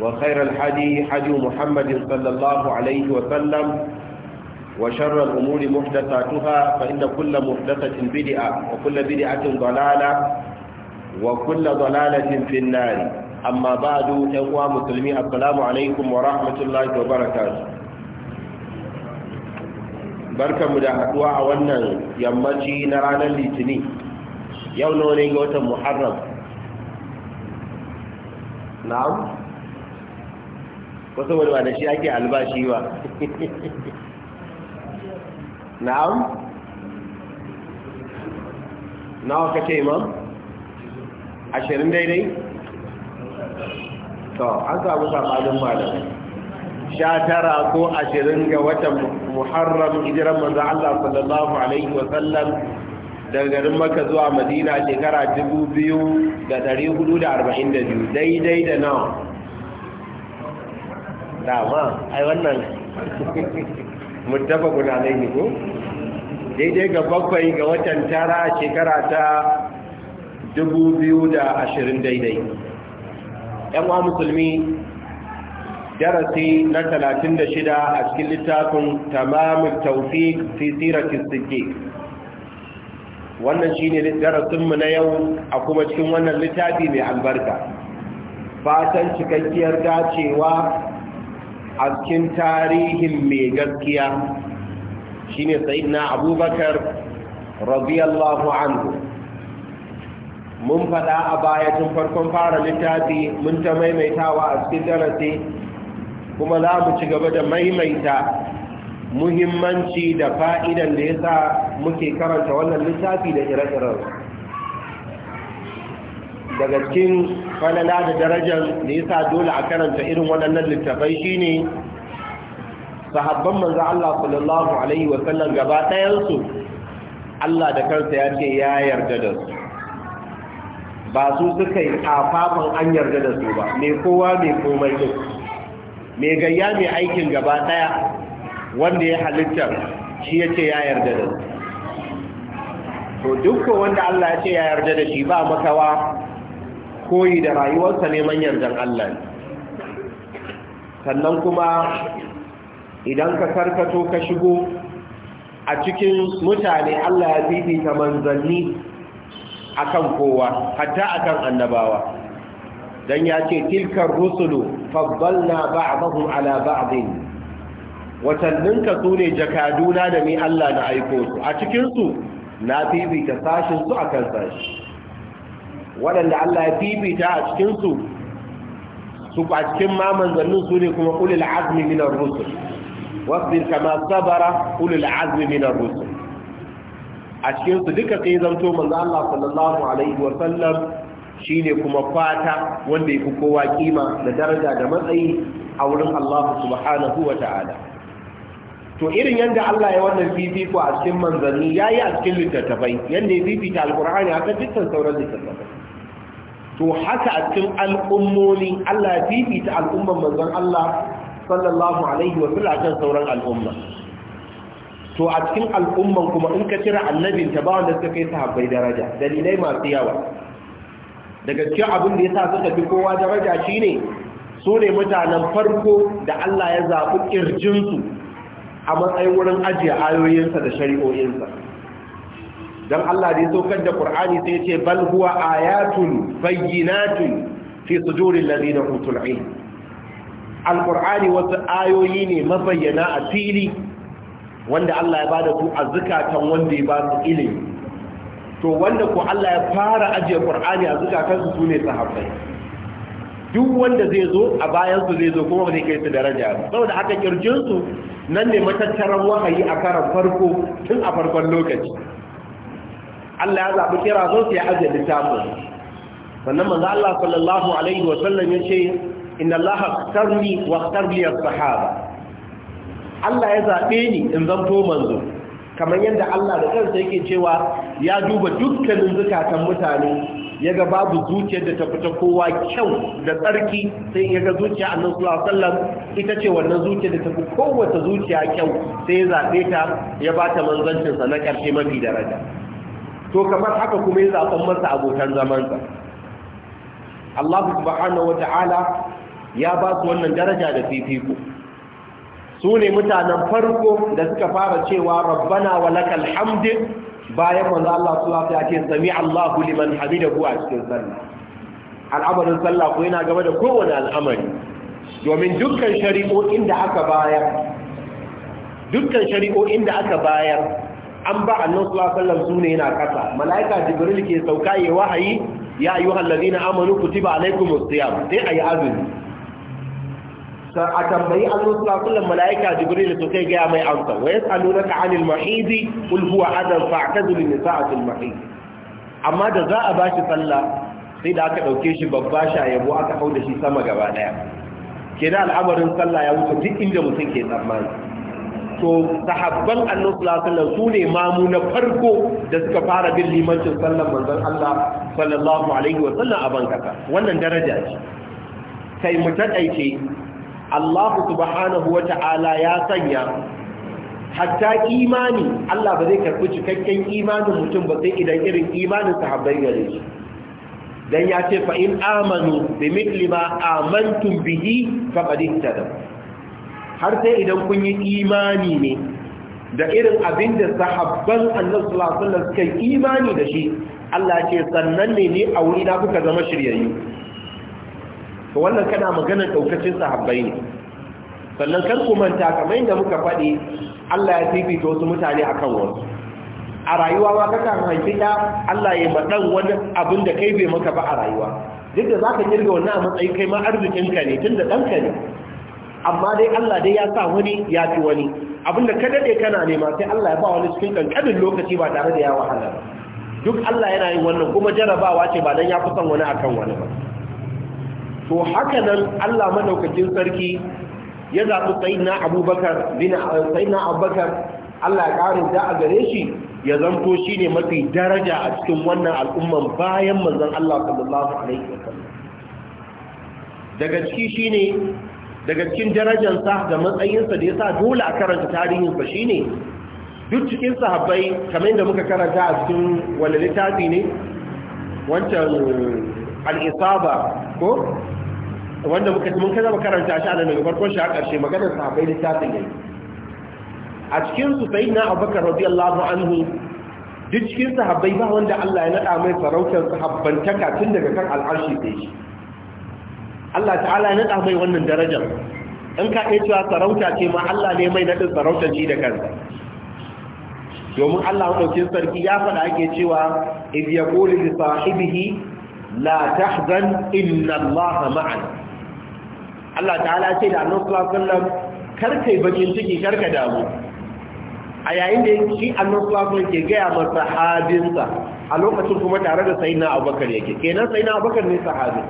وخير الحدي حدي محمد صلى الله عليه وسلم وشر الأمور محدثاتها فإن كل محدثة بدعة وكل بدعة ضلالة وكل ضلالة في النار أما بعد أخوة مسلمي السلام عليكم ورحمة الله وبركاته barka mu da haduwa a wannan yammaci na ranar litinin yau nawa ne ga watan muharram na'am ko saboda ba da shi ake albashi ba na'am nawa ka ce imam ashirin daidai to an samu samanin malam sha tara ko ashirin ga watan muharram hijiran manzo Allah sallallahu alaihi wa sallam daga garin maka zuwa Madina shekara 2442 daidai da nawa dama ai wannan mutafa gudanai ne ko daidai ga bakwai ga watan tara shekara ta dubu biyu da ashirin daidai yan wa musulmi darasi na talatin da shida a cikin littafin tamamin taufiq fi sirati siddiq wannan shine darasinmu na yau a kuma cikin wannan littafi mai albarka fatan cikakkiyar dacewa a cikin tarihin mai gaskiya shine sayyidina abubakar radiyallahu anhu mun faɗa a baya tun farkon fara littafi mun ta maimaitawa a cikin darasi kuma za mu ci gaba da maimaita muhimmanci da fa'idan da ya sa muke karanta wannan littafi da ire-iren daga cikin falala da darajar da yasa dole a karanta irin waɗannan littafai shine sahabban manzo Allah sallallahu alaihi wa sallam gaba ɗayansu Allah da kansa ya ce ya yarda da su ba su suka yi kafafan an yarda da su ba mai kowa mai komai ne. mai gayya mai aikin gaba ɗaya wanda ya halitta shi ya ce ya yarda da su to dukkan wanda Allah ya ce ya yarda da shi ba makawa koyi da rayuwarsa neman yardan Allah ne sannan kuma idan ka karkato ka shigo a cikin mutane Allah ya fifita manzanni akan kowa hatta akan annabawa dan ya ce tilkar rusulu faddalna ba'dahum ala ba'din watannin ka sune jakaduna da ni Allah na aiko su a cikinsu na fifita sashin su akan sashi waɗanda Allah ya fifita a cikinsu su a cikin ma manzannin su ne kuma ulul azmi minar rusul wasbir kama sabara ulul azmi minar rusul a cikinsu duka sai zanto manzo Allah sallallahu alaihi wa sallam shine kuma fata wanda ya fi kowa kima da daraja da matsayi a wurin Allah subhanahu wa ta'ala to irin yadda Allah ya wannan fifiko a cikin manzanni yi a cikin littattafai yadda ya fifita al alqur'ani a kan dukkan sauran littattafai to haka a cikin al'ummomi Allah fifita al'umman manzon Allah sallallahu alaihi wa sallam kan sauran al'umma to a cikin al'umman kuma in ka cira annabin ta ba wanda suka kai sahabbai daraja dalilai masu yawa daga cikin abin da yasa suka fi kowa daraja shine su ne mutanen farko da Allah ya zaɓi ƙirjinsu a matsayin wurin ajiye ayoyinsa da shari'o'insa dan Allah da ya saukar da Qur'ani sai ce bal huwa ayatun bayyinatun fi suduril ladina utul ilm qurani wasu ayoyi ne mabayyana a fili wanda Allah ya bada su a zakatan wanda ya ba su ilimi to wanda ko Allah ya fara ajiye Qur'ani a zakatan su sune sahabbai duk wanda zai zo a bayan su zai zo kuma zai kai su daraja saboda haka kirjin su nan ne matattaran wahayi a karan farko tun a farkon lokaci Allah ya zaɓi kira zo sai ajiyar littafin sannan manzo Allah sallallahu alaihi wasallam ya ce, inna Allah ikhtarni wa ikhtar sahara sahaba Allah ya zaɓe ni in zanto manzo kamar yadda Allah da kansa yake cewa ya duba dukkanin zukatan mutane ya ga babu zuciyar da ta fita kowa kyau da tsarki sai ya ga zuciya annabi sallallahu alaihi wasallam ita ce wannan zuciya da ta fi kowace zuciya kyau sai ya zaɓe ta ya ba ta manzancinsa na ƙarshe mafi daraja to kamar haka kuma ya zaɓen masa abokan zamansa Allah subhanahu wata'ala ya ba su wannan daraja da fifiko su ne mutanen farko da suka fara cewa rabbana wa lakal hamd bayan manzo Allah sallallahu alaihi wasallam ya ce sami Allahu liman hamidahu a cikin sallah al'amarin sallah ko yana game da kowane al'amari domin dukkan shari'o'in da aka bayar dukkan shari'o'in da aka bayar an ba annan sallallahu alaihi sune yana kasa malaika jibril ke sauka yi wahayi ya ayyuhal ladina amanu kutiba alaikumus siyam sai ayi azumi sai a tambayi annan sallallahu alaihi malaika jibril to kai gaya mai amsa wa yasalunaka anil mahid qul huwa adam nisa a fil mahid amma da za a bashi sallah sai da aka dauke shi babba shayabo aka hau da shi sama gaba daya kenan al'amarin sallah ya wuce duk inda mutum ke tsammani to sahabban annabi sallallahu alaihi su ne mamu na farko da suka fara bin limancin sallan manzon Allah sallallahu alaihi wa a bankasa wannan daraja ce kai mu taɗaice Allah subhanahu wa ya sanya hatta imani Allah ba zai karɓi cikakken imanin mutum ba sai idan irin imanin sahabbai gare shi dan ya ce fa in amanu bi mithli ma amantum bihi faqad ihtadaw har sai idan kun yi imani ne da irin abin da sahabban annabi sallallahu alaihi wasallam suka yi imani da shi Allah ce sannan ne ne a wuri na kuka zama shiryayyu to wannan kana magana daukacin sahabbai ne sannan kar ku manta kamar yadda muka faɗi Allah ya fifita wasu mutane akan wasu a rayuwa ma kaka haifi ɗa Allah ya maɗan wani abin da kai bai maka ba a rayuwa duk da za ka kirga wannan a matsayi kai ma arzikinka ne tun da ɗanka ne amma dai Allah dai ya sa wani ya fi wani abinda ka dade kana nema sai Allah ya ba wani cikin kankanin lokaci ba tare da ya wahala duk Allah yana yin wannan kuma jarabawa ce ba dan ya fi son wani akan wani ba to haka nan Allah madaukakin sarki ya zaɓi sayyidina Abubakar bin sayyidina Abubakar Allah ya ƙarin da a gare shi ya zanto shine mafi daraja a cikin wannan al'umman bayan manzon Allah sallallahu alaihi wasallam daga ciki shine daga cikin darajarsa da matsayinsa da ya sa dole a karanta tarihinsa shi ne duk cikin sahabbai kamar yadda muka karanta a cikin wani littafi ne wancan al'isaba ko wanda muka mun kaza karanta shi a nan daga farkon shi a ƙarshe maganar sahabbai littafin ne a cikin su sai na abubakar radiyallahu anhu duk cikin sahabbai ba wanda Allah ya naɗa mai sarautar sahabbantaka tun daga kan al'arshi da Allah ta'ala ya nada mai wannan darajar in ka iya cewa sarauta ce ma Allah ne mai naɗin sarautar shi da kansa domin Allah madaukin sarki ya faɗa ake cewa idh yaqulu li sahibihi la tahzan inna Allah ma'an. Allah ta'ala ce da Annabi sallallahu alaihi wasallam yi bakin ciki karka damu a yayin da shi annan sulafin ke gaya ma sahabinsa a lokacin kuma tare da sai na abubakar yake kenan sai na abubakar ne sahabi.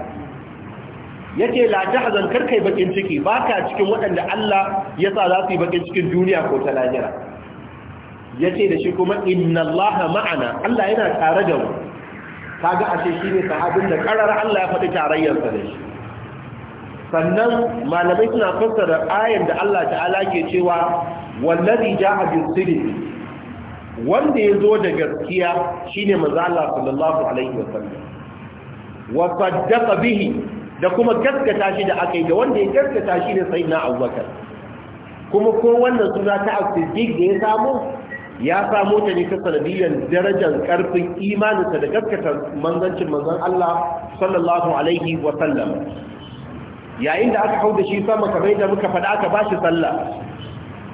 yace la tahzan karkai bakin ciki baka cikin waɗanda Allah ya sa za su yi bakin cikin duniya ko ta lahira yace da shi kuma inna Allaha ma'ana Allah yana tare da mu kaga ashe shine sahabin da karar Allah ya faɗi tarayyar sa da shi sannan malamai suna fassara ayan da Allah ta'ala ke cewa wallazi ja'a bil Wanda wanda zo da gaskiya shine manzo Allah sallallahu alaihi wasallam wa saddaqa bihi da kuma gaskata shi da aka yi da wanda ya gaskata shi da sai na abubakar kuma ko wannan suna ta asidik da ya samu ya samu ta ne ta sanadiyyar darajar karfin imaninsa da gaskata manzancin manzan Allah sallallahu alaihi wa sallam yayin da aka hau da shi sama kamar da muka faɗa aka ba shi sallah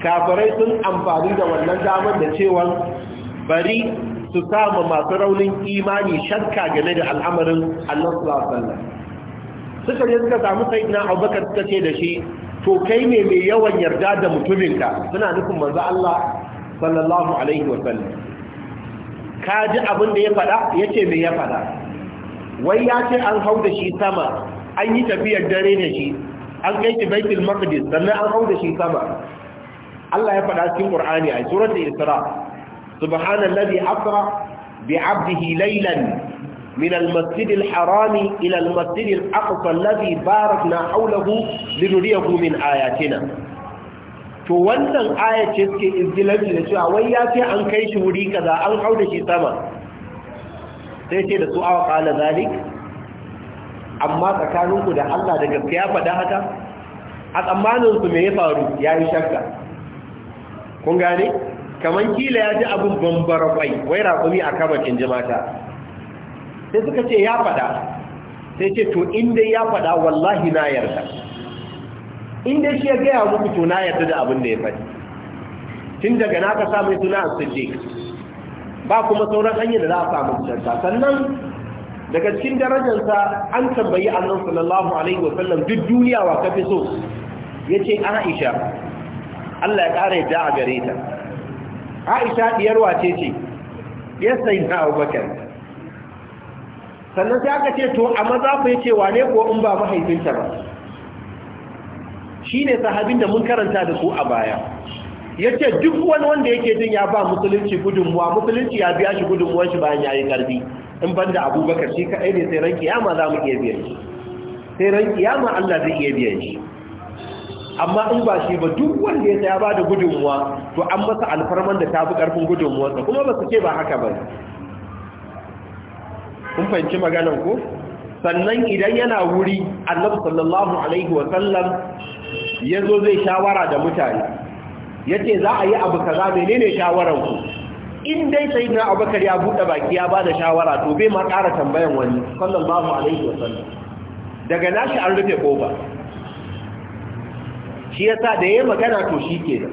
kafirai sun amfani da wannan damar da cewa bari su sama masu raunin imani shakka game da al'amarin Allah sallallahu alaihi wa sallam suka je suka samu sayyidina abubakar suka ce da shi to kai ne mai yawan yarda da mutuminka suna nufin manzo Allah sallallahu alaihi wa sallam ka ji abin da ya faɗa Ya ce me ya faɗa wai ya ce an hau da shi sama an yi tafiyar dare da shi an kai shi baitul maqdis sannan an hau da shi sama Allah ya faɗa cikin Qur'ani a suratul Isra subhanallazi asra bi 'abdihi laylan من المسجد الحرام إلى المسجد الأقصى الذي na حوله لنريه من آياتنا to wannan aya ce suke izdilanci da cewa wai ya ce an kai shi wuri kaza an hau da shi sama sai ce da su awa kala zalik amma tsakaninku da Allah da gaskiya faɗa haka a tsammaninsu me ya faru ya yi shakka kun gane kaman kila ya ji abin bambara kwai wai raƙumi a kabakin jimata sai suka ce ya fada sai ce to inda ya fada wallahi na yarda inda shi ya gaya muku to na yarda da abin da ya fadi tun daga na ka samu suna siddiq ba kuma sauran hanyar da za a samu cutarsa sannan daga cikin darajarsa an tambayi annan sallallahu alaihi wasallam duk duniya wa kafi so ya ce aisha Allah ya ƙara yadda a gare ta aisha ɗiyarwa ce ce ya sai na abubakar sannan sai aka ce to amma za ku yi cewa ne ko in ba mahaifinta ba shi ne sahabin da mun karanta da ku a baya ya ce duk wani wanda yake jin ya ba musulunci gudunmuwa musulunci ya biya shi gudunmuwa shi bayan ya yi karbi. in ban da abubakar shi kaɗai ne sai ran kiyama za mu iya biyan shi sai ran kiyama allah zai iya biyan shi amma in ba shi ba duk wanda ya saya ba da gudunmuwa to an masa alfarman da ta fi ƙarfin gudunmuwa kuma ba su ce ba haka ba kun fahimci maganan ko sannan idan yana wuri annabi sallallahu alaihi wa sallam yazo zai shawara da mutane yace za a yi abu kaza menene shawaran ku in dai sai na abakar ya bude baki ya bada shawara to bai ma ƙara tambayan wani sallallahu alaihi wa sallam daga nashi an rufe koba. shi yasa da yayi magana to shikenan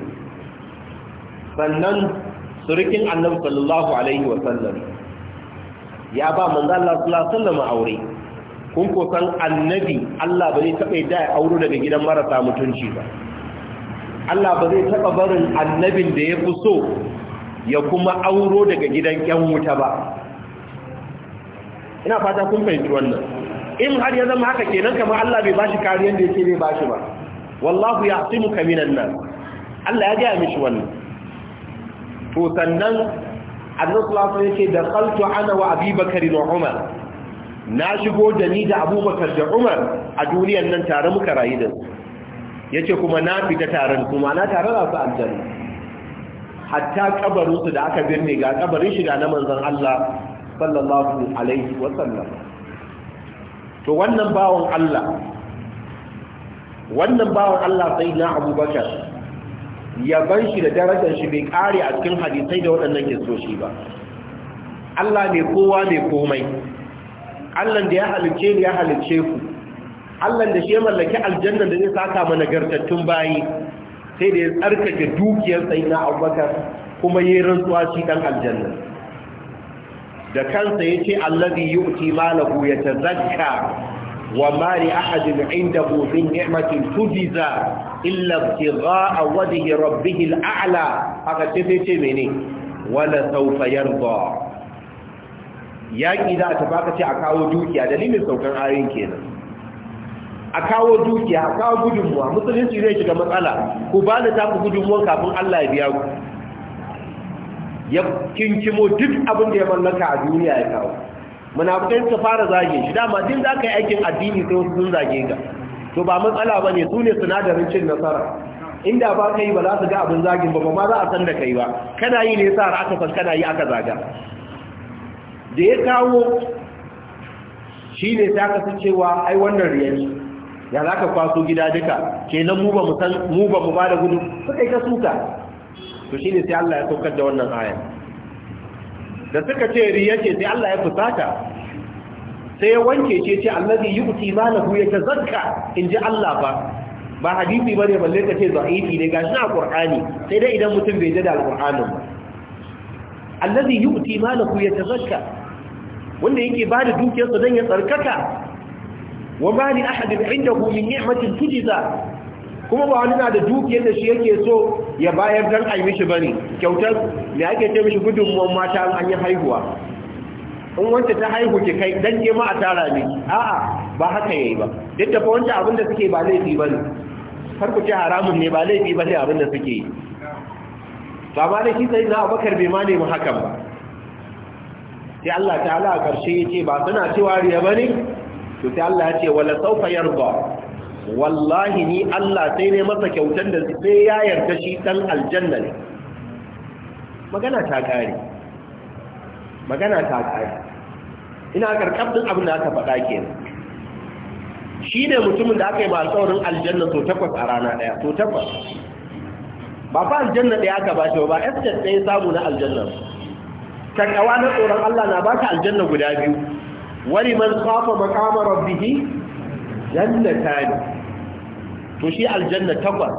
sannan surukin annabi sallallahu alaihi wa sallam ya ba manzo Allah sallallahu alaihi wasallam aure kun ko san annabi Allah ba zai taba da ya auro daga gidan marasa mutunci ba Allah ba zai taba barin annabin da ya fi so ya kuma auro daga gidan ƴan wuta ba ina fata kun fahimci wannan in har ya zama haka kenan kamar Allah bai bashi kariyar da yake bai bashi ba wallahu ya'timuka minan nas Allah ya ga mishi wannan to sannan annabi sallallahu alaihi wasallam da qaltu ana wa abi bakari umar na shigo da ni da abubakar da umar a duniyar nan tare muka rayu da su yace kuma na fita taron kuma na tare da su aljanna hatta kabarin su da aka binne ga kabarin shiga na manzon Allah sallallahu alaihi wasallam to wannan bawon Allah wannan bawan Allah sai na abubakar ya ban shi da darajar shi bai kare a cikin hadisai da waɗannan kisoshi ba Allah mai kowa mai komai Allah da ya halice ya halice ku Allah da shi ya mallaki aljanna da zai saka mana gartattun bayi sai da ya tsarkake dukiyar na Abubakar kuma yayin rantsuwa shi dan aljanna da kansa yace allazi yu'ti malahu yatazakka وما لأحد عنده من نعمة تجزى إلا ابتغاء وجه ربه الأعلى هذا تفيت مني ولا سوف يرضى يا إذا تفاقت أكاو دوكيا دليل سوكان آيين كينا أكاو دوكيا أكاو قدموا مثل يسير يشك مسألة كبالة تاكو قدموا كابون الله يبيعو يب كنكمو دك أبن دي من لك على دنيا يكاو munafukai suka fara zage shi dama din za ka yi aikin addini sai wasu sun zage ka to ba matsala ba ne su ne sinadarin cin nasara inda ba ka yi ba za su ga abin zagin ba ma za a san da kai ba kana yi ne sa aka san kana yi aka zaga da ya kawo shi ne ta kasu cewa ai wannan riyari ya za ka kwaso gida duka ke nan mu ba mu san mu ba mu ba da gudu suka yi ka suka to shi ne sai Allah ya saukar da wannan aya da suka ce riya ce sai Allah ya fusata sai ya wanke ce ce allazi yu'ti malahu yatazakka in ji Allah ba ba hadisi bane balle ka ce da'ifi ne gashi a Qur'ani sai dai idan mutum bai da Al-Qur'anin ba allazi yu'ti malahu yatazakka wanda yake bada dukiyarsa dan ya tsarkaka wa ma li ahadin indahu min ni'matin tujza kuma ba wani na da dukiyar da shi yake so ya bayar dan ai mishi bane kyautar da ake ce mishi gudunmuwan mata an yi haihuwa in wanda ta haihu ke kai dan ke ma a tara ne a'a ba haka yayi ba duk da wanda abin da suke ba laifi ba ne. har ku ce haramun ne ba laifi ba ne abin da suke yi ba ma da shi sai na abakar bai ma nemi hakan ba sai Allah ta'ala a karshe ce ba suna cewa riya bane to sai Allah ya ce wala sawfa yarda wallahi ni Allah sai ne masa kyautar da sai ya yarda shi dan aljanna ne magana ta kare magana ta kare ina karkabdin abin da aka faɗa kenan shi ne mutumin da aka yi ba alƙawarin aljanna so takwas a rana ɗaya so takwas ba fa aljanna ɗaya aka ba shi ba estate ɗaya samu na aljanna takawa na tsoron Allah na ba ka aljanna guda biyu wani man kafa makama rabbihi jannata ne to shi aljanna takwas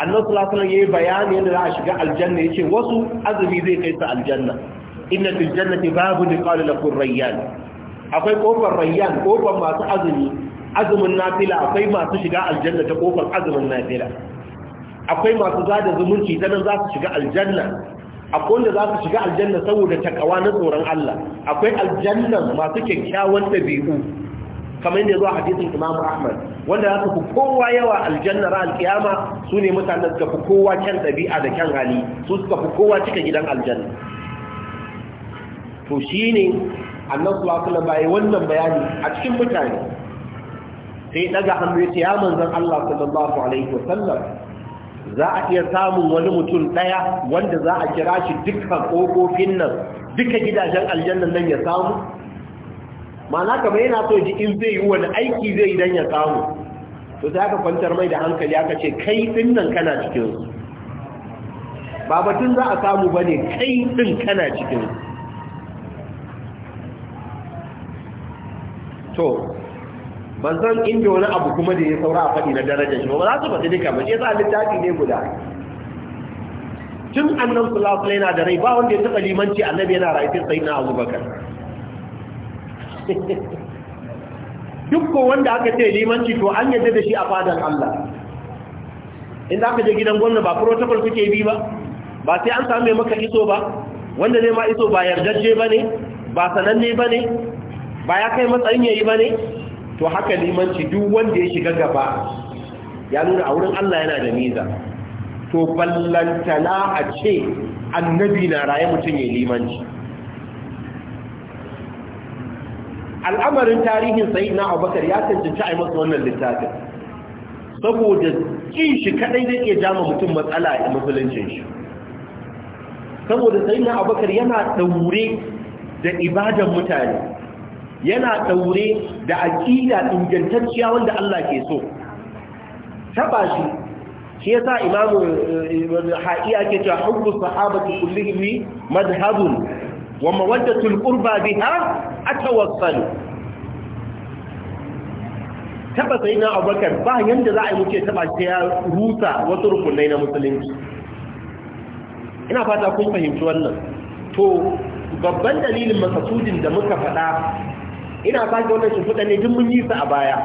annabi sallallahu alaihi yayi bayani yadda za a shiga aljanna yace wasu azumi zai kai su aljanna inna fil jannati babun qala lakum rayyan akwai kofar rayyan kofar masu azumi azumin nafila akwai masu shiga aljanna ta kofar azumin nafila akwai masu zada zumunci ta nan za su shiga aljanna akwai wanda za su shiga aljanna saboda takawa na tsoron Allah akwai aljannan masu kyakkyawan dabi'u kamar yadda zuwa hadisin Imam Ahmad wanda za su fi kowa yawa aljanna ra alkiyama su ne mutanen suka fi kowa kyan ɗabi'a da kyan hali su suka fi kowa cika gidan aljanna to shine annabi sallallahu alaihi wasallam wannan bayani a cikin mutane sai daga hannu yace ya manzon Allah sallallahu alaihi wa sallam. za a iya samun wani mutum daya wanda za a kira shi dukkan kofofin nan duka gidajen aljannan nan ya samu ma'ana kamar yana so ji in zai yi wani aiki zai idan ya samu to sai aka kwantar mai da hankali aka ce kai din nan kana cikin ba batun za a samu ba ne, kai din kana cikin su to ban san inda wani abu kuma da ya saura a faɗi na darajar shi ba za su faɗi duka ba shi yasa littafi ne guda tun annan sallallahu yana da rai ba wanda ya taɓa limanci annabi yana rayu sai na abubakar dukkan wanda aka ce limanci to an yadda da shi a fadar Allah in aka je gidan gwamna ba protocol kuke bi ba ba sai an same maka iso ba wanda zai ma iso ba yardarje ba ne ba sananne ba ne ba ya kai matsayin yayi ba ne to haka limanci duk wanda ya shiga gaba ya nuna a wurin Allah yana da niza to ballantana a ce annabi na raye mutum ya limanci al'amarin tarihin na abubakar ya cancanci a masa wannan littafin saboda kin shi kadai zai ke jama mutum matsala a musuluncin shi saboda na abubakar yana daure da ibadan mutane yana daure da aqida ingantacciya wanda Allah ke so taba shi shi yasa imamu eh, eh, ha'iya ke cewa hubbu sahabati kullihim madhhabun wa mawaddatul qurba biha atawassalu taba sai na abubakar ba yadda za a yi muke taba ta ya rusa wasu rukunai na musulunci ina fata kun fahimci wannan to babban dalilin makasudin da muka faɗa ina fata wannan shimfiɗa ne duk mun yi su a baya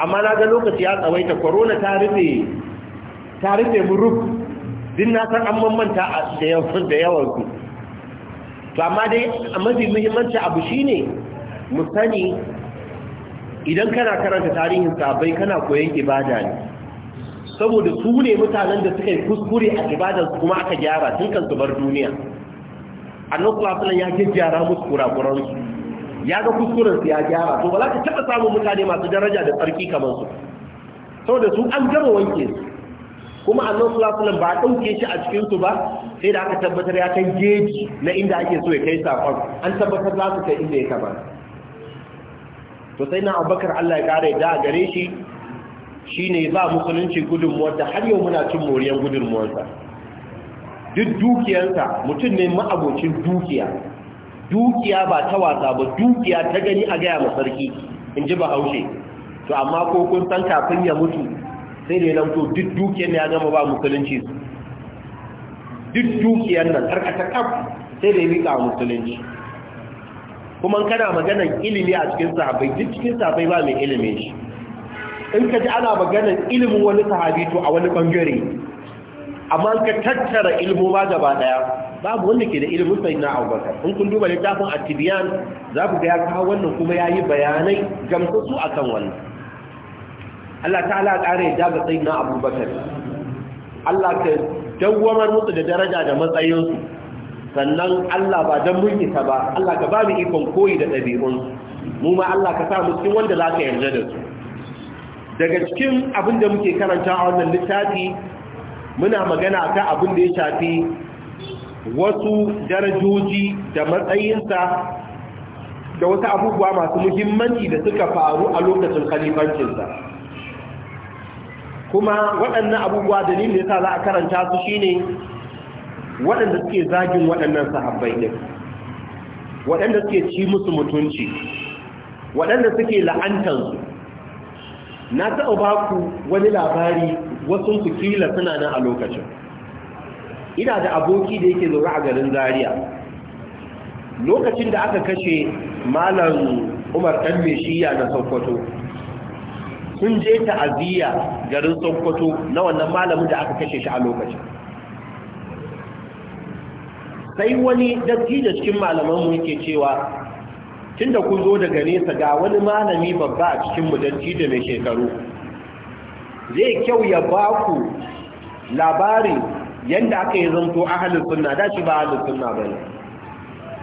amma na ga lokaci ya tsawaita korona ta rufe ta rufe mu rub din na san an mamanta da yawan su to amma dai mafi muhimmanci abu shine mu sani idan kana karanta tarihin sahabbai kana koyon ibada ne saboda su ne mutanen da suka yi kuskure a ibadar su kuma aka gyara tun kan su bar duniya annabi sallallahu alaihi wasallam ya gyara musu kurakuran su ya ga kuskuren su ya gyara to ba za ka taba samun mutane masu daraja da tsarki kamar su saboda su an gama wanke su kuma annon sulasulun ba a ɗauke shi a cikin su ba sai da aka tabbatar ya kai geji na inda ake so ya kai safon an tabbatar za su kai inda ya kama to sai na abubakar allah ya ƙara yadda a gare shi shi ne ba musulunci gudunmuwar da har yau muna cin moriyar gudunmuwarsa duk dukiyarsa mutum ne ma'abocin dukiya dukiya ba ta wasa ba dukiya ta gani a gaya ma sarki in ji bahaushe to amma ko kun san kafin ya mutu sai ne nan to duk dukiyar ya gama ba musulunci su duk dukiyar nan karkata kaf sai da ya rika musulunci kuma kana maganar ilimi a cikin sahabai duk cikin sahabai ba mai ilimin shi in ka ji ana maganar ilimin wani sahabi to a wani bangare amma ka tattara ilmu ma gaba daya babu wanda ke da ilimin sai na abubakar in kun duba littafin attibiyan za ku ga ya kawo wannan kuma ya yi bayanai su akan wannan Allah ta'ala ƙara ya daga tsayin na abubakar Allah ka dawwamar mutu da daraja da matsayinsu sannan Allah ba don mun isa ba Allah ka ba mu ikon koyi da ɗabi'unsu mu ma Allah ka sa mu cikin wanda za ka yarda da su daga cikin abin da muke karanta a wannan littafi muna magana ta abin da ya shafi wasu darajoji da matsayinsa da wasu abubuwa masu muhimmanci da suka faru a lokacin kalifancinsa. kuma waɗannan abubuwa dalilin da yasa za a karanta su shine waɗanda suke zagin waɗannan sahabbai ɗin waɗanda suke ci musu mutunci waɗanda suke su. na taɓa ba ku wani labari wasu su kila suna nan a lokacin ina da aboki da yake zaune a garin Zariya. lokacin da aka kashe malam umar ɗan mai shiya na sokoto Kun je ta'aziyya garin sokoto na wannan malamin da aka kashe shi a lokacin sai wani da cikin malamanmu yake cewa tunda kun zo daga nesa ga wani malami babba a cikin mu da mai shekaru zai kyau ya ba ku labarin yadda aka yi zanto ahalin sunna da shi ba ahalin sunna ba ne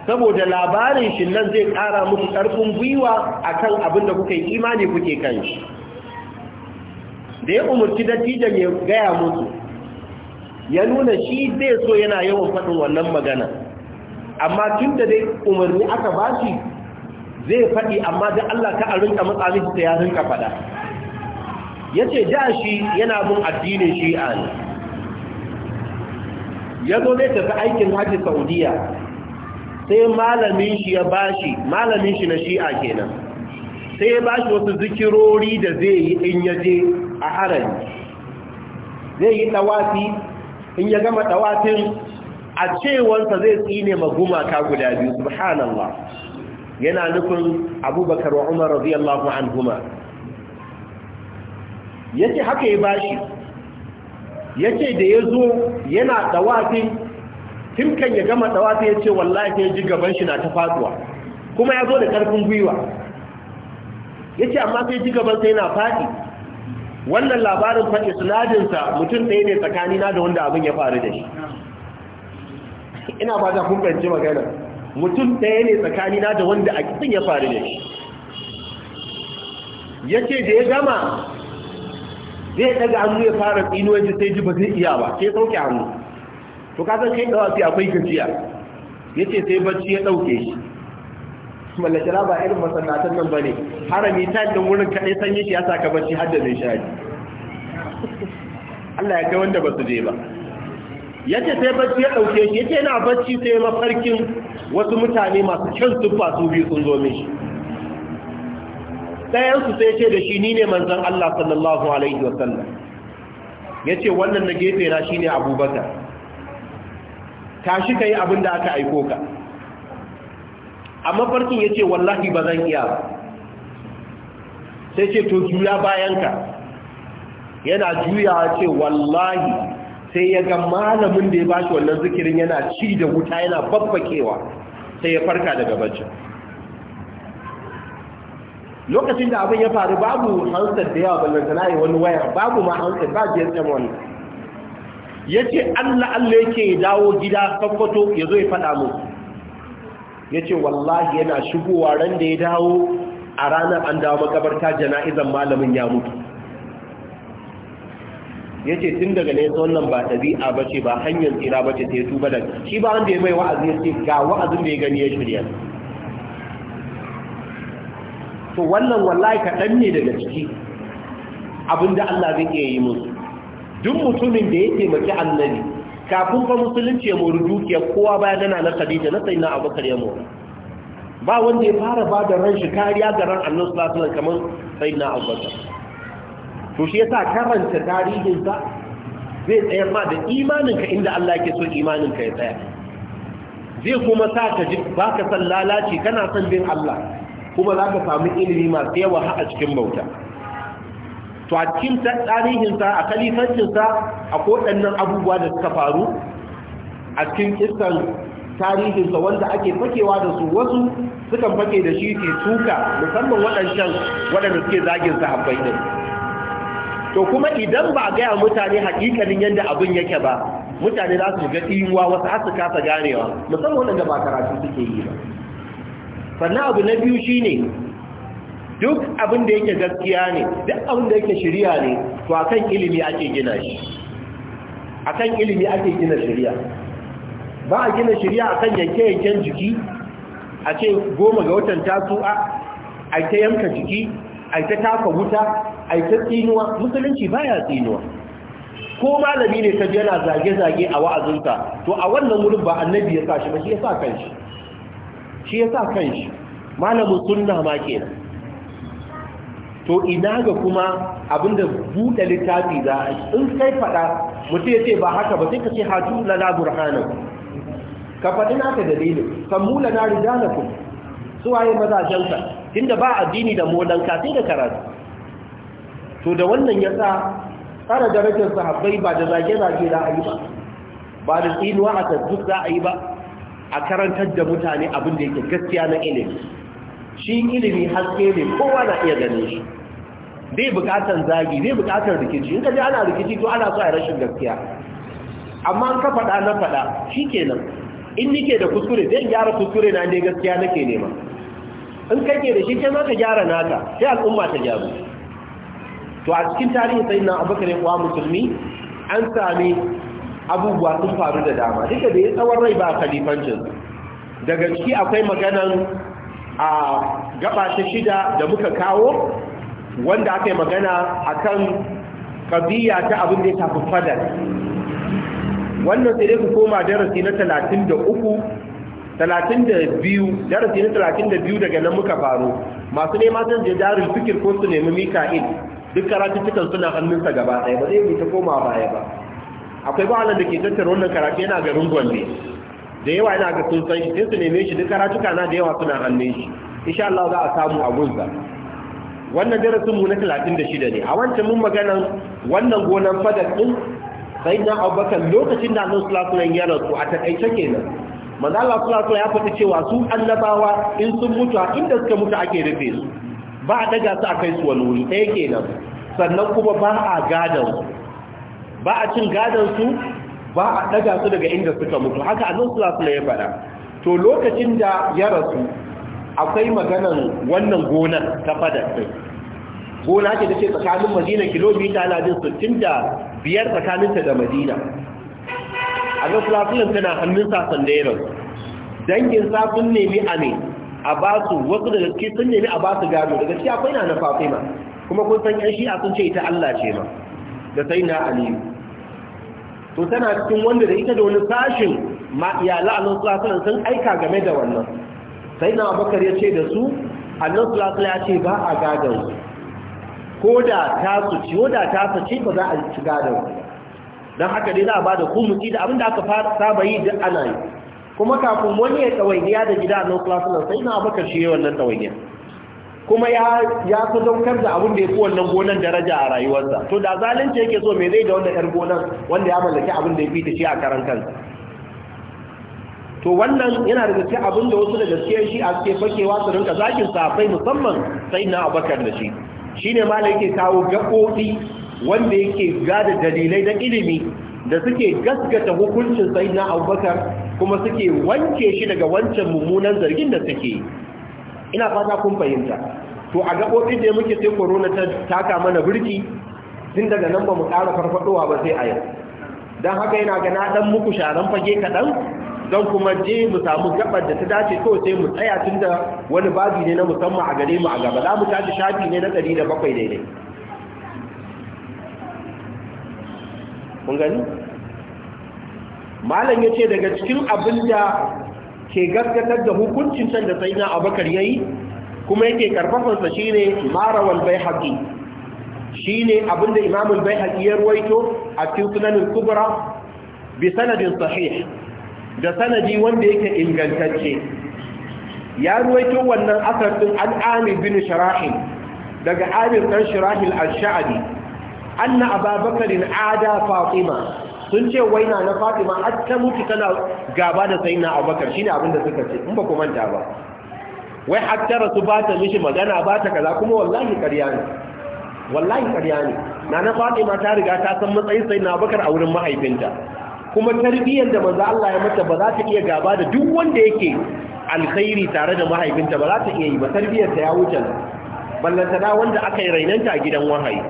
saboda labarin shi nan zai ƙara muku ƙarfin gwiwa akan abin da kuka yi imani kuke kan shi da ya umarci dattijan ya gaya musu ya nuna shi zai so yana yawan faɗin wannan magana amma tun da dai umarni aka ba shi zai faɗi amma da Allah ka a rinka matsalin ta ya rinka faɗa ya ce ja shi yana bin addinin shi'a ne ya zo zai tafi aikin hajji saudiya sai malamin shi ya bashi malamin shi na shi'a kenan sai ba bashi wasu zikirori da zai yi in yaje a harami zai yi dawafi in ya gama dawafin a cewarsa zai tsine ma gumaka guda biyu subhanallah yana nufin abubakar wa umar radiyallahu anhuma yace haka ya bashi yace da yazo yana dawafin tun kan ya gama dawafin yace wallahi ya ji gaban shi na ta faduwa kuma ya zo da karfin gwiwa yace amma sai ji gaban sai na faɗi. wannan labarin faɗi sinadinsa mutum ɗaya ne tsakani na da wanda abin ya faru da shi ina fata kun fahimci magana mutum ɗaya ne tsakani na da wanda a kitin ya faru da shi yace da ya gama zai daga hannu ya fara tsino ya ji sai ji ba zai iya ba sai sauke hannu to ka san kai dawafi akwai gajiya yace sai bacci ya dauke shi mallaki ba irin masallatan nan ba ne harami ta wurin kaɗai sanyi shi ya saka ka bacci har da nishadi Allah ya kai wanda ba su je ba ya sai bacci ya dauke. shi ya ce yana bacci sai mafarkin wasu mutane masu kyan tuffa su biyu sun zo mishi ɗayansu sai ce da shi ni ne manzon Allah sallallahu alaihi wa ya ce wannan na gefe na shine abubakar tashi ka yi abin da aka aiko ka a mafarkin ya ce wallahi ba zan iya ba sai ce to juya bayanka yana juyawa ce wallahi sai ya ga malamin da ya ba shi wannan zikirin yana ci da wuta yana babbakewa sai ya farka daga bacci lokacin da abin ya faru babu hansar da yawa ballantana yi wani waya babu ma hansar ba gsm wani ya ce allah allah yake dawo gida sakwato ya zo ya faɗa musu ya ce wallahi yana shigowa ran da ya dawo a ranar an dawo makabarta jana'izan malamin ya mutu ya ce tun daga nesa wannan ba ɗabi'a ba ce ba hanyar tsira ba ce ta yi tuba da shi ba wanda ya mai wa'azi ya ce ga wa'azin da ya gani ya shirya to wannan wallahi kaɗan ne daga ciki abinda Allah zai iya yi musu duk mutumin da ya taimaki annabi kafin fa musulunci ya mori dukiya, kowa baya dana na khadija na sayyidina abubakar ya mori ba wanda ya fara ba da ran shi kariya ga ran annabi sallallahu kamar wasallam kamar sayyidina to shi yasa karanta tarihinsa zai tsayar ma da imaninka inda Allah yake so imaninka ya tsaya zai kuma sa ka ji baka san lalaci kana son bin Allah kuma za ka samu ilimi masu yawa a cikin bauta to a cikin tarihinsa a kalifancinsa a koɗannan abubuwa da suka faru a cikin tarihin tarihinsa wanda ake fakewa da su wasu sukan fake da shi ke tuka musamman waɗancan waɗanda suke zagin sahabbai din to kuma idan ba a gaya mutane hakikanin yadda abin yake ba mutane za su ga ɗiyuwa wasu har su kasa ganewa musamman waɗanda ba karatu suke yi ba sannan abu na biyu shine duk abin da yake gaskiya ne duk abin da yake shari'a ne to akan ilimi ake gina shi akan ilimi ake gina shari'a ba a gina shari'a akan yanke-yanken jiki a ce goma ga watan tasu a ta yanka jiki a ta wuta a ta tsinuwa musulunci baya tsinuwa ko malami ne ta yana zage-zage a wa'azinsa to a wannan wurin ba annabi ya sa shi ba shi ya sa kanshi shi ya sa kanshi malamin sunna ma kenan to ina ga kuma abinda buɗe littafi za a in kai faɗa mutum ya ce ba haka ba sai ka ce haju na na burhanan ka faɗi naka dalilin kan mula na rijalakun suwaye mazajenka tunda ba addini da molanka sai da karatu to da wannan ya sa tsara darajar sahabbai ba da zage-zage za a yi ba ba da tsinuwa a tattut za a yi ba a karantar da mutane abin da yake gaskiya na ilimi shi ilimi haske ne kowa na iya gane shi zai bukatar zagi zai bukatar rikici in ka ji ana rikici to ana so a rashin gaskiya amma an ka faɗa na faɗa shi kenan in nike da kuskure zai gyara kuskure na dai gaskiya nake nema in ka ke da shi ke za gyara naka sai al'umma ta gyaru to a cikin tarihin sai na abubakar yawa musulmi an sami abubuwa sun faru da dama duka da ya tsawon rai ba kalifancin. daga ciki akwai maganan a gaba ta shida da muka kawo wanda aka yi magana a kan kabiya ta abin da ya tafi fadar wannan sai dai ku koma darasi na 33 32 darasi na 32 daga nan muka faro masu nema san je darin fikir ko su nemi mika'il duk karatuttukan suna hannunsa gaba ɗaya ba zai yi ta koma baya ba akwai ba da ke tattara wannan karatu yana garin gombe da yawa yana ga sun san shi sai su neme shi duk karatuka na da yawa suna hannun shi insha Allah za a samu a gunsa wannan darasin mu na 36 ne a wancan mun magana wannan gonan fadar din na Abubakar lokacin da nan sallallahu alaihi wasallam ya rasu a takaice kenan manzo Allah sallallahu alaihi wasallam ya faɗi cewa su annabawa in sun mutu a inda suka mutu ake rufe su ba a daga su a kai su wani wuri ɗaya kenan sannan kuma ba a gadan ba a cin gadan su ba a daga su daga inda suka mutu haka a sallallahu alaihi wasallam ya faɗa to lokacin da ya rasu akwai maganar wannan gonar ta fadar ɗin gona ce ta ce tsakanin madina kilomita ladin 65 tsakaninta da madina a ga fulafilan tana hannun sasan da yaron dangin sun nemi a ne a ba su wasu da gaske sun nemi a ba su gado daga gaske akwai na na fafima kuma kun san yan shi'a sun ce ita Allah ce ma da sai na aliyu to tana cikin wanda da ita da wani sashin ma iyalan Allah sun aika game da wannan sai na abokar ya ce da su annan sulasula ya ce ba a gadon ko da ta su ci ko da ta su ci ba za a ci gadon don haka dai za a ba da kumuki da abinda aka saba yi duk ana yi kuma kafin wani ya ɗawainiya da gida annan sulasula sai na abokar shi yi wannan ɗawainiya kuma ya fi daukar da abin da ya fi wannan gonan daraja a rayuwarsa to da zalunci yake so me zai da wannan 'yar gonan wanda ya mallaki abin da ya fi ta shi a karan kansa to wannan yana da gaske abin da wasu da gaske shi a suke fakewa su rinka zakin safai musamman sai na abakar da shi shine ma da yake kawo gaɓoɓi wanda yake gada dalilai na ilimi da suke gaskata hukuncin sai na abakar kuma suke wanke shi daga wancan mummunan zargin da suke ina fata kun fahimta to a gaɓoɓi da muke sai korona ta taka mana birki tun daga nan ba mu ƙara farfaɗowa ba sai a yau don haka yana gana ɗan muku sharan fage kaɗan don kuma je mu samu gabar da ta dace kawai sai mu tsaya tun da wani babi ne na musamman a gare mu a gaba za mu tafi shafi ne na ɗari da bakwai daidai kun gani malam ya ce daga cikin abin da ke gaskatar da hukuncin can da sai na abakar ya yi kuma yake karfafansa shi ne marawal bai haƙi shi ne abin da imamul bai haƙi ya ruwaito a cikin sunanin kubra bi sanadin sahih da sanadi wanda yake ingantacce ya ruwaito wannan asar din bin sharahin daga amir dan shirahil al-sha'abi anna ababakar ada fatima sun ce waina na fatima a ta mutu tana gaba da sayyidina Abakar, shine abin da suka ce in ba ku manta ba wai har ta ba ta mishi magana ba ta kaza kuma wallahi karya ne wallahi ƙarya ne na na fatima ta riga ta san matsayin sayyidina Abakar a wurin mahaifinta kuma tarbiyyar da manzo Allah ya mata ba za ta iya gaba da duk wanda yake alkhairi tare da mahaifinta ba za ta iya yi ba tarbiyyar ta ya wuce ballanta da wanda aka yi rainanta a gidan wahayi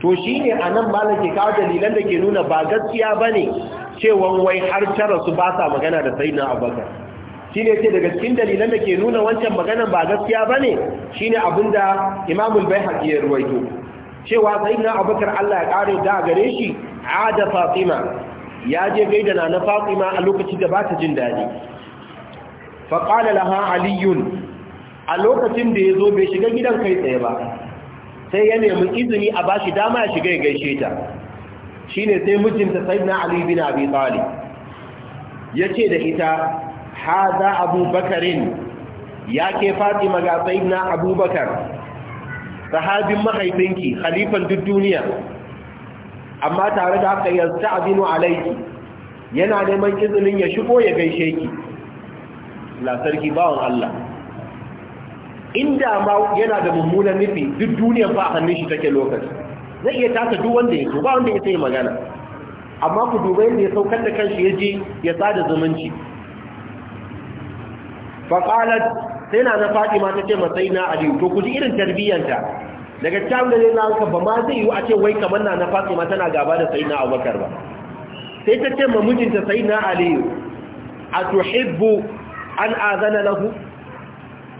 to shine anan malam ke kawo dalilan da ke nuna ba gaskiya bane cewa wai har ta su ba sa magana da sayyidina Abubakar shine ce daga cikin dalilan da ke nuna wancan maganar ba gaskiya bane shine abinda Imam al-Baihaqi ya ruwaito cewa sayyidina Abubakar Allah ya kare da gare shi ada Fatima ya je gaida na na fatima a lokacin da ba ta jin daɗi faƙala laha aliyun a lokacin da ya zo bai shiga gidan kai tsaye ba sai ya nemi izini a bashi dama ya shiga ya gaishe ta shi ne sai mijinta sai na ali bin abi talib ya ce da ita ha za abubakarin ya ke fatima ga sai na abubakar sahabin mahaifinki khalifan duk duniya amma tare da haka yanzu abinu alaiki yana neman izinin ya shigo ya gaishe ki la sarki bawan Allah inda ma yana da mummunan nufi duk duniyar ba hannun shi take lokaci zai iya tasa duk wanda ya so ba wanda ya sai magana amma ku duba yadda ya saukar da kanshi ya je ya sada zumunci faƙalar sai na na Fatima ce masai na Ali to ku ji irin tarbiyyanta daga cikin da na ka ba ma zai yi a ce wai kamar na na fatima tana gaba da sayyidina abubakar ba sai ta ce ma sai sayyidina aliyu a tuhibbu an azana lahu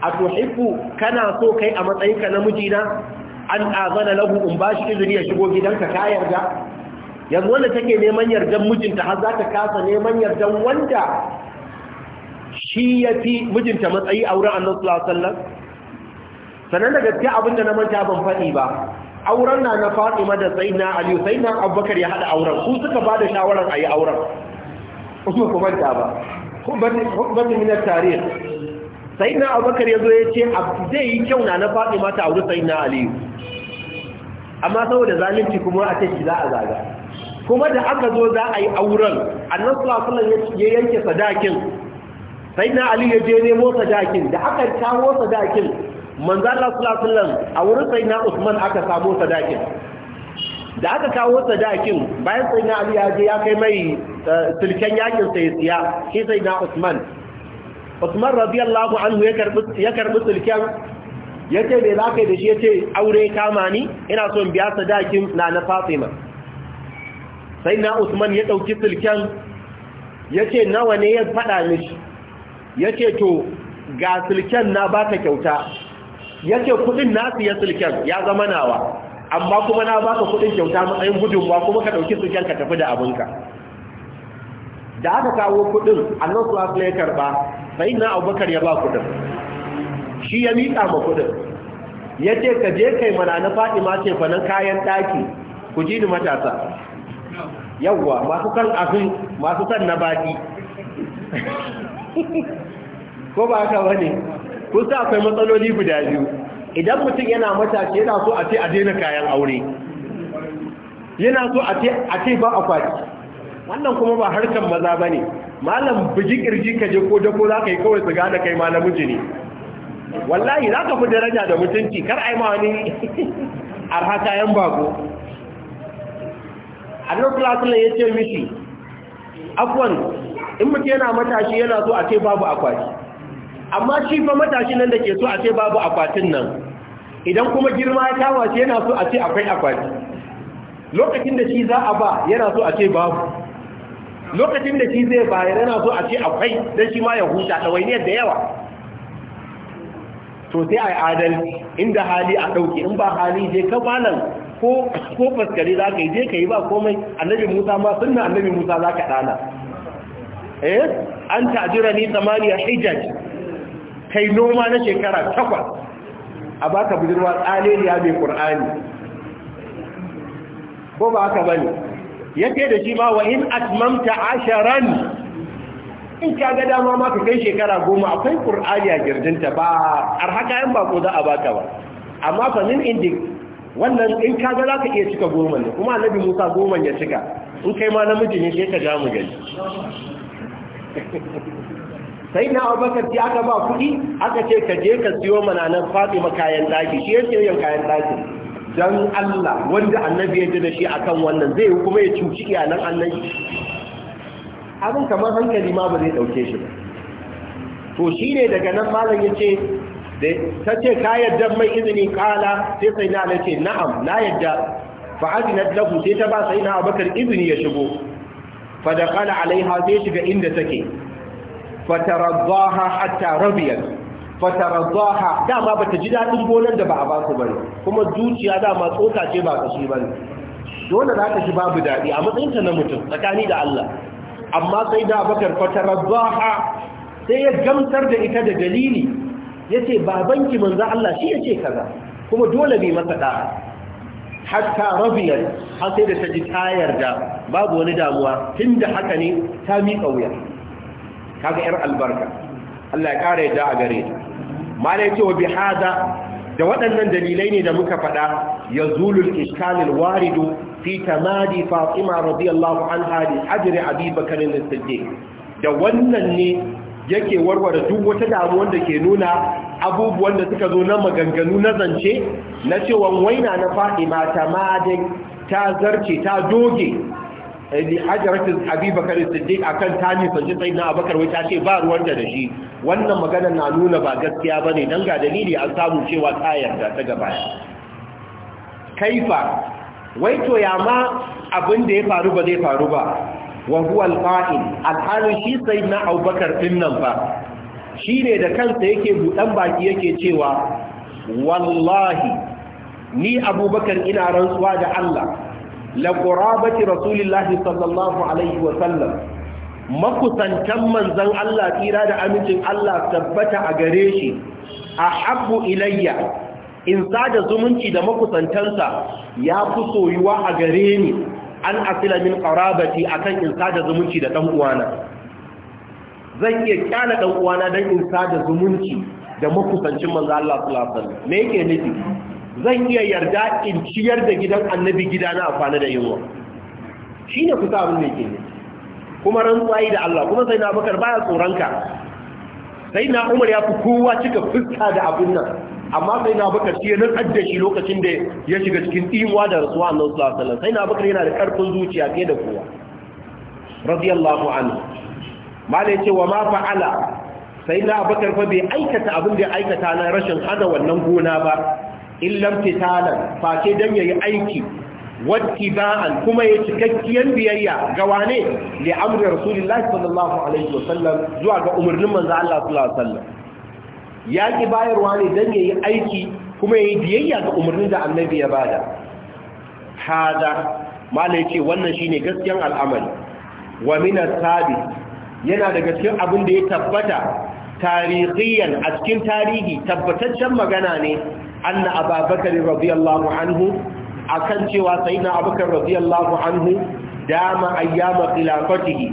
a tuhibbu kana so kai a matsayinka na mijina an azana lahu in ba shi izini ya shigo gidanka ka yarda yanzu wanda take neman yardan mijinta har za ta kasa neman yardan wanda shi ya fi mijinta matsayi a wurin annabi sallallahu alaihi wasallam sannan da gaske abinda na manta ban faɗi ba auren na na faɗi mata, sai na Aliyu. Sai na Abubakar ya haɗa auren ku suka ba bada shawaran yi auren kuma ku manta ba hubbati min at Sai na Abubakar ya zo ya ce zai yi kyau na na faɗi mata a ta sai na Aliyu. amma saboda zalunci kuma a ce shi za a zaga kuma da aka zo za a yi auren annabi sallallahu alaihi wasallam ya yanke sadakin Sai na Aliyu ya je nemo sadakin da aka kawo sadakin manzo Allah sallallahu a wurin sayyidina Usman aka samu sadakin da aka kawo sadakin bayan sayyidina Ali ya je ya kai mai tilken eh, yakin sai siya shi sayyidina Usman Usman radiyallahu anhu ya karbi ya karbi tilken yace me da shi yace aure kama ni ina so biya sadakin na na Fatima sayyidina Usman ya dauki ya yace nawa ne ya fada mishi yace to ga silken na baka kyauta ya ce kudin nasu ya silken ya zama nawa amma kuma na baka kudin kyauta matsayin gudunmuwa kuma ka ɗauki silken ka tafi da abinka da aka kawo kudin annan su asila ya karba sai na abubakar ya ba kudin shi ya miƙa ma kudin ya ce ka je kai mana na ma ce fa kayan ɗaki ku ji ni matasa yawwa masu kan abin masu san na baki ko ba haka wani kun sa akwai matsaloli guda biyu idan mutum yana matashi yana so a ce a daina kayan aure yana so a ce ba akwati wannan kuma ba harkar maza ba ne malam bugi kirji ka je ko dako za ka yi kawai su da kai ma namiji ne wallahi za ka fi daraja da mutunci kar a yi ma wani arha kayan bako annan filasilin ya ce mishi afwan in mutum yana matashi yana so a ce babu akwati amma shi fa matashi nan da ke so a ce babu akwatin nan idan kuma girma ya kama shi yana so a ce akwai akwati lokacin da shi za a ba yana so a ce babu lokacin da shi zai bayar yana so a ce akwai don shi ma ya huta ɗawainiyar da yawa to sai a yi adal, inda hali a ɗauke in ba hali je ka nan ko faskari za ka yi je ka yi ba komai annabi musa ma sunna annabi musa za ka dana eh an tajira ni a hijaj kai noma na shekara takwas a baka budurwa ya mai ƙur'ani ko ba haka bane yake da shi ba wa in atmamta asharan in ka ga dama ma ka kai shekara goma akwai ƙur'ani a girjinta ba har haka yan ko za a baka ba amma fa min indi wannan in ka ga za ka iya cika goma ne kuma annabi musa goma ya cika in kai ma namiji ne sai ka ja mu gani sai na abubakar sai aka ba kuɗi aka ce ka je ka siyo mana nan fatima kayan ɗaki shi ya yin kayan ɗaki don Allah wanda annabi ya ji da shi kan wannan zai yi kuma ya cuci iyalan annabi abin kamar hankali ma ba zai ɗauke shi ba to shi ne daga nan malam ya ce ta ce ka yadda mai izini kala sai sai na ce na'am na yadda fa'adinat lahu sai ta ba sai na abubakar izini ya shigo fa da kala alaiha sai shiga inda take fataraddaha hatta rabiyat fataraddaha dama bata ji dadin gonar da ba a ba su bane kuma zuciya dama tsoka ce ba kashi bane dole za ta ji babu dadi a matsayin ta na mutum tsakani da Allah amma sai da bakar fataraddaha sai ya gamsar da ita da dalili yace babanki manzo Allah shi yace kaza kuma dole bai masa da? hatta rabiyar har sai da ta ji tayar da babu wani damuwa tun da haka ne ta miƙa wuya kaga yar albarka Allah ya kare da a gare ta malai wa bi hada da waɗannan dalilai ne da muka faɗa ya zulul iskalil waridu fi tamadi fatima radiyallahu anha li ajri abi bakr as-siddiq da wannan ne yake warware duk wata damuwa da ke nuna abubuwan da suka zo na maganganu na zance na cewa waina na fatima tamadin ta zarce ta doge li hajaratin habiba siddiq akan tani sanji sai na abakar wai ta ce ba ruwanta da shi wannan maganar na nuna ba gaskiya bane dan ga dalili an samu cewa ta yarda ta gaba kaifa wai to ya ma abin da ya faru ba zai faru ba wa huwa al shi sai na abakar din nan fa shine da kansa yake budan baki yake cewa wallahi ni abubakar ina rantsuwa da Allah la qurabati rasulillahi sallallahu alaihi wa sallam makusantan manzon Allah tsira da amincin Allah tabbata a gare shi ahabbu ilayya in sada zumunci da makusantansa ya fi soyuwa a gare ni an asila min qarabati akan in sada zumunci da dan uwana zan iya kyana dan uwana dan in sada zumunci da makusancin manzo Allah sallallahu alaihi wasallam me zan iya yarda in ciyar da gidan annabi gida na amfani da yunwa shi ne kusa abin da ke ne kuma rantsuwayi da Allah kuma sai na bakar baya tsoronka sai na umar ya fi kowa cika fuska da abin nan amma sai na bakar shi ya nutsar da shi lokacin da ya shiga cikin ɗimuwa da rasuwa annan su asalan sai na bakar yana da ƙarfin zuciya fiye da kowa radiyallahu anhu mala ya ce wa ma fa'ala sai na bakar fa bai aikata abin da ya aikata na rashin hada wannan gona ba illam fitalan face dan yayi aiki ba'an kuma ya cikakkiyar biyayya ga wane da amri rasulullahi sallallahu alaihi wasallam zuwa ga umarnin manza Allah sallallahu alaihi ya ki bayarwa ne dan yayi aiki kuma yayi biyayya ga umarnin da annabi ya bada hada malai ce wannan shine gaskiyan al'amari wa min yana daga cikin abin da ya tabbata tarihiyan a cikin tarihi tabbataccen magana ne anna ababakar radiyallahu anhu a kan cewa sai na abakar radiyallahu anhu dama ayyama filafatihi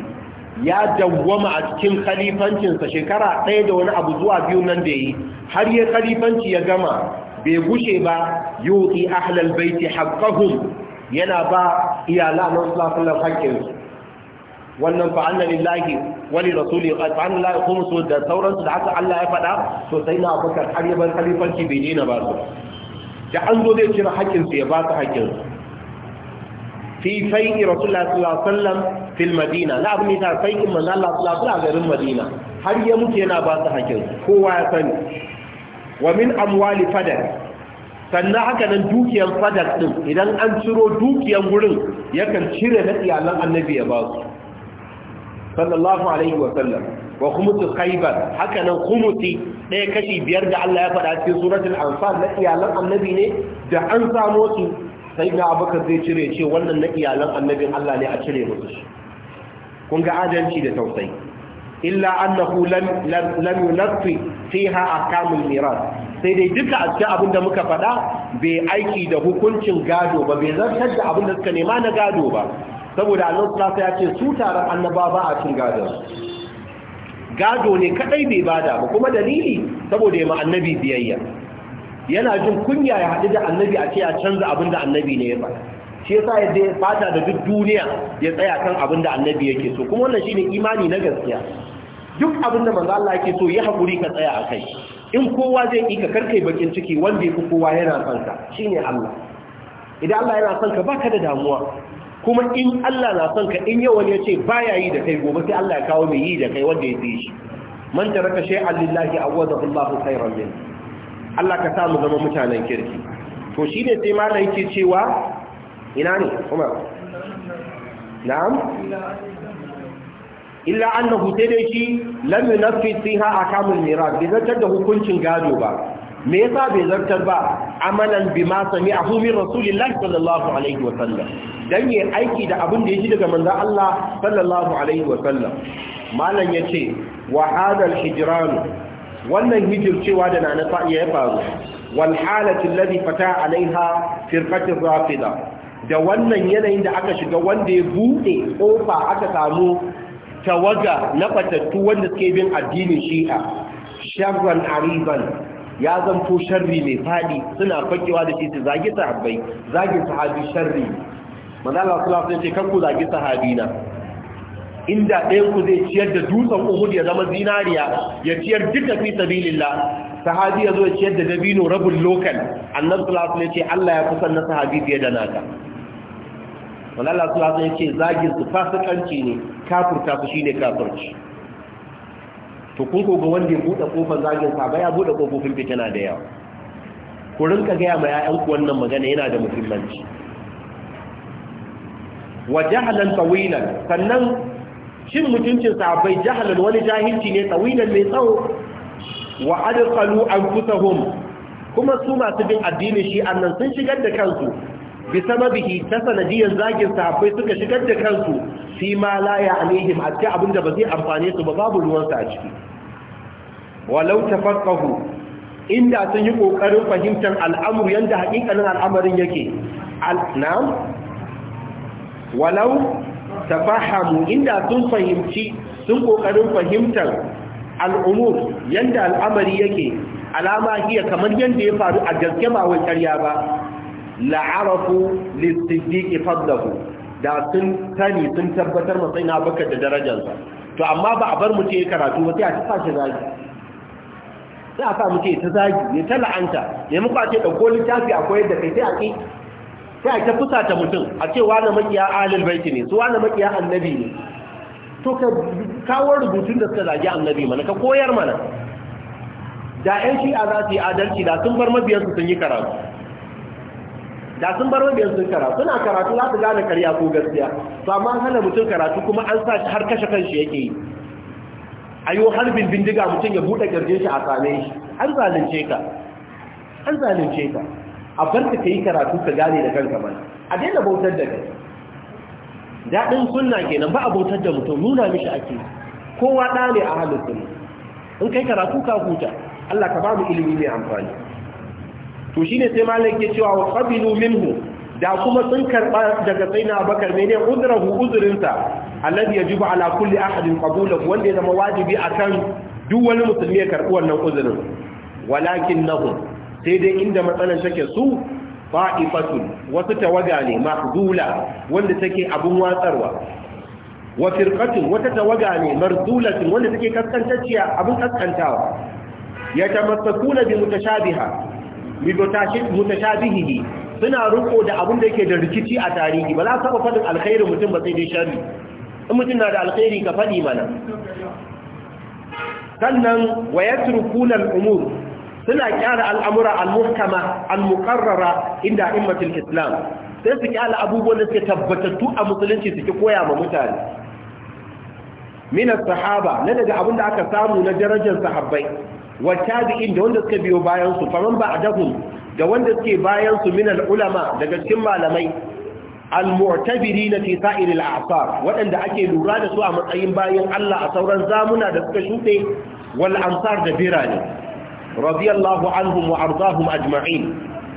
ya dawwama a cikin khalifancinsa shekara ɗaya da wani abu zuwa biyu nan da yi har ya khalifanci ya gama bai gushe ba yuki ahlal baiti haqqahum yana ba iyalan Allah sallallahu alaihi wasallam wannan fa anna lillahi wali rasuli an la yaqumu su da sauransu da haka Allah ya faɗa to sai na Abubakar har yaban khalifanci bai dina ba su da an zo zai cire haƙƙinsu ya ba su haƙƙin fi fai'i rasulullahi sallallahu alaihi wasallam fil madina la abin da fai'in manzo Allah sallallahu alaihi garin madina har ya mutu yana ba su haƙƙin kowa ya sani wa min amwali fadar sannan haka nan dukiyar fadar din idan an ciro dukiyar wurin yakan cire na iyalan annabi ya ba su sallallahu alaihi wa sallam wa khumutu khaybar hakanan khumuti ɗaya kashi biyar da Allah ya faɗa cikin suratul anfal na iyalan annabi ne da an samo su sai na abubakar zai cire ce wannan na iyalan annabin Allah ne a cire musu shi kun ga adalci da tausayi illa annahu lam lam yunaffi fiha ahkamul miras sai dai duka a cikin abin da muka faɗa bai aiki da hukuncin gado ba bai zartar da abin da suka nema na gado ba saboda Allah sallallahu ya ce su taron annaba ba a cin gado. gado ne kadai bai bada ba kuma dalili saboda ya annabi biyayya yana jin kunya ya haɗu da annabi a ce a canza abin da annabi ne ya faɗa shi yasa ya je fata da duk duniya ya tsaya kan abin da annabi yake so kuma wannan shine imani na gaskiya duk abin da manzo Allah yake so ya hakuri ka tsaya a kai. in kowa zai yi ka karkai bakin ciki wanda yake kowa yana son ka shine Allah idan Allah yana son ka baka da damuwa kuma in Allah na son ka in yawan ya ce ba ya yi da kai gobe sai Allah ya kawo mai yi da kai wanda ya fi shi man taraka shay'an lillahi awadahu Allahu khairan min Allah ka samu zama mutanen kirki to shi ne sai malam yake cewa ina ne kuma na'am illa annahu sai dai shi lam yunaffi fiha akamul mirad bi zartar da hukuncin gado ba me yasa bai zartar ba amalan bima sami'ahu min rasulillahi sallallahu alaihi wa sallam dan yi aiki da abin da ya ji daga manzan Allah sallallahu alaihi wasallam malam ya ce wa hadal hijiranu wannan hijircewa da na nasa ya faru wal halatin ladhi fata alaiha firqatir rafida da wannan yanayin da aka shiga wanda ya buɗe ƙofa aka samu tawaga na fatattu wanda suke bin addinin shi'a sharran ariban ya zanto sharri mai faɗi, suna fakewa da shi su zagi sahabbai zagin sahabi sharri manala Allah sallallahu ce kan ku zagi sahabina inda ɗayan ku zai ciyar da dutsen Uhud ya zama zinariya ya ciyar duka fi sabilillah sahabi ya zo ya ciyar da dabino rabin lokal Annan sallallahu ne ce Allah ya kusan na sahabi fiye da naka manala Allah sallallahu ce zagin su fasikanci ne kafurta su shine kafurci to kun koga wanda ya buɗe kofar zagin sa ba ya buɗe kofofin fitina da yawa ku rinka gaya ma 'ya'yanku wannan magana yana da muhimmanci wa jahalan tawilan sannan shin mutuncin sahabbai jahalan wani jahilci ne tawilan mai tsawo wa adqalu anfusahum kuma su masu bin addini shi annan sun shigar da kansu bi sababihi ta sanadiyar zagin sahabbai suka shigar da kansu fi ma la ya'nihim a abinda ba zai amfane su ba babu ruwan sa a ciki walau tafaqahu inda sun yi kokarin fahimtar al'amur yanda hakikalin al'amarin yake al'am walau ta fahamu inda sun fahimci sun kokarin fahimtar al'umur yadda al'amari yake alama iya kamar yadda ya faru a gaske ba wai ƙarya ba la'arafu lissiddiqi fadlahu da sun tani sun tabbatar matsayin abakar da darajarsa to amma ba a bar mutu ya karatu ba sai a sa shi zagi sai a sa mutum ya ta zagi ne ta la'anta ya muka ce ɗauko littafi akwai yadda kai sai a ƙi sai a ta mutum a ce wani makiya alil baiti ne su wani makiya annabi ne to ka kawo rubutun da suka zagi annabi mana ka koyar mana da yan shi'a za su yi adalci da sun bar mabiyansu sun yi karatu da sun bar mabiyan sun karatu suna karatu za su gane karya ko gaskiya to amma hana mutum karatu kuma an sa har kashe kanshi yake yi ayo harbin bindiga mutum ya buɗe kirjin shi a same shi an zalunce ka an zalunce ka a bar ka yi karatu ka gane da kanka mana a daina bautar da kai daɗin sunna kenan ba a bautar da mutum nuna mishi ake kowa ɗa ne a halin sunna in kai karatu ka huta Allah ka ba mu ilimi mai amfani to shine sai malam ke cewa wasu qabilu minhu da kuma sun karɓa daga tsaina bakar ne ne uzurahu uzurinsa alladhi yajibu ala kulli ahadin qabulahu wanda ya zama wajibi akan duk wani musulmi ya karɓi wannan uzurin walakin nahum daidai inda matsalar take su fa'ifatun wasu tawaga ne mahdula wanda take abin watsarwa wa firkatun, wata tawaga ne mardulatun wanda take kaskantacciya abun kaskantawa yatamassakuna bi mutashabiha bi mutashabihi suna riko da abin da yake da rikici a tarihi ba za ka faɗin alkhairin mutum ba sai dai sharri in mutum na da alkhairi ka faɗi mana sannan wa yatrukuna al-umur suna kyara al'amura al-muhkama inda immatul islam sai su kyara abubuwan da suke tabbatattu a musulunci suke koya ma mutane minas sahaba na daga abin da aka samu na darajar sahabbai wa da wanda suka biyo bayansu, su faman ba da wanda suke bayansu su minal ulama daga cikin malamai al na fi sa'iril a'sar waɗanda ake lura da su a matsayin bayan Allah a sauran zamuna da suka shuɗe wal amsar da birane radiyallahu anhum wa ardahum ajma'in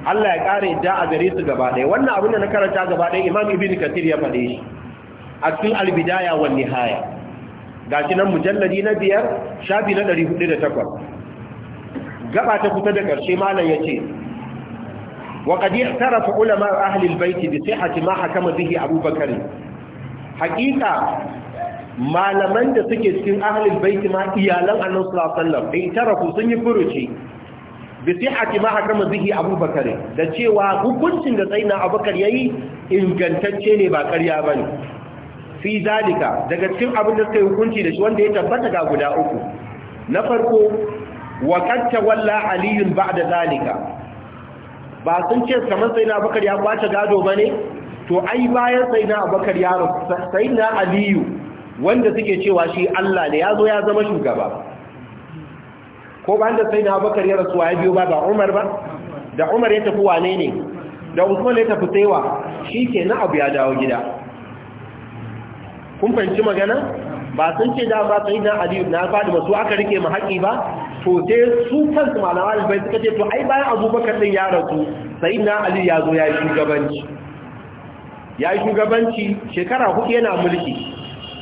Allah ya kare da a gare su gaba ɗaya wannan abin da na karanta gaba ɗaya Imam Ibn Kathir ya faɗe shi a cikin al-bidaya wan nihaya gashi nan mujalladi na biyar shafi na 408 gaba ta kusa da ƙarshe malam yace wa qad ihtarafa ulama ahli al-bayt bi sihhati ma hakama bihi Abu Bakr haqiqa malaman da suke cikin ahlul baiti ma iyalan annabi sallallahu alaihi wasallam in tarafu sun yi furuci bi sihhati ma hakama bihi abubakar da cewa hukuncin da tsayina abubakar yayi ingantacce ne ba ƙarya bane fi zalika daga cikin abin da suka yi hukunci da shi wanda ya tabbata ga guda uku na farko wa walla tawalla aliyun ba'da zalika ba sun ce kamar tsayina abubakar ya kwace gado bane to ai bayan tsayina abubakar ya rasu tsayina aliyu wanda suke cewa shi Allah ne ya zo ya zama shugaba ko ba da sai na bakar ya rasuwa ya biyo ba ba umar ba da umar ya tafi wane ne da usman ya tafi tsewa? shi ke na abu ya dawo gida kun fahimci magana ba sun ce da ba sai na aliyu na faɗi masu aka rike mu haƙi ba to sai su kansu malama da bai suka ce to ai bayan abubakar din ya rasu sai na aliyu ya zo ya yi shugabanci ya yi shugabanci shekara hudu yana mulki